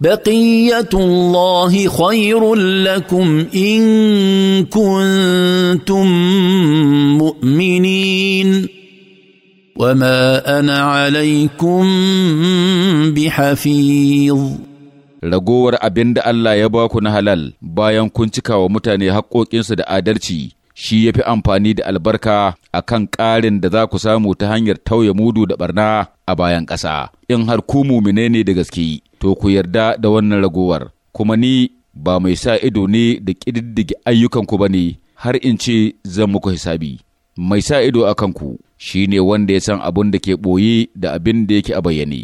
بقيه الله خير لكم ان كنتم مؤمنين وما انا عليكم بحفيظ ragowar abin da Allah ya ba ku na halal bayan kun cika wa mutane haƙoƙinsu da adalci shi ya fi amfani da albarka a kan ƙarin da za ku samu ta hanyar tauye mudu da ɓarna a bayan ƙasa in har ku mumine ne da gaske to ku yarda da wannan ragowar, kuma ni ba mai sa ido ne da ƙididdige ayyukanku ba ne har in ce zan muku hisabi. Mai sa ido a kanku shi ne wanda ya san abin da ke ɓoye da abin da yake a bayyane.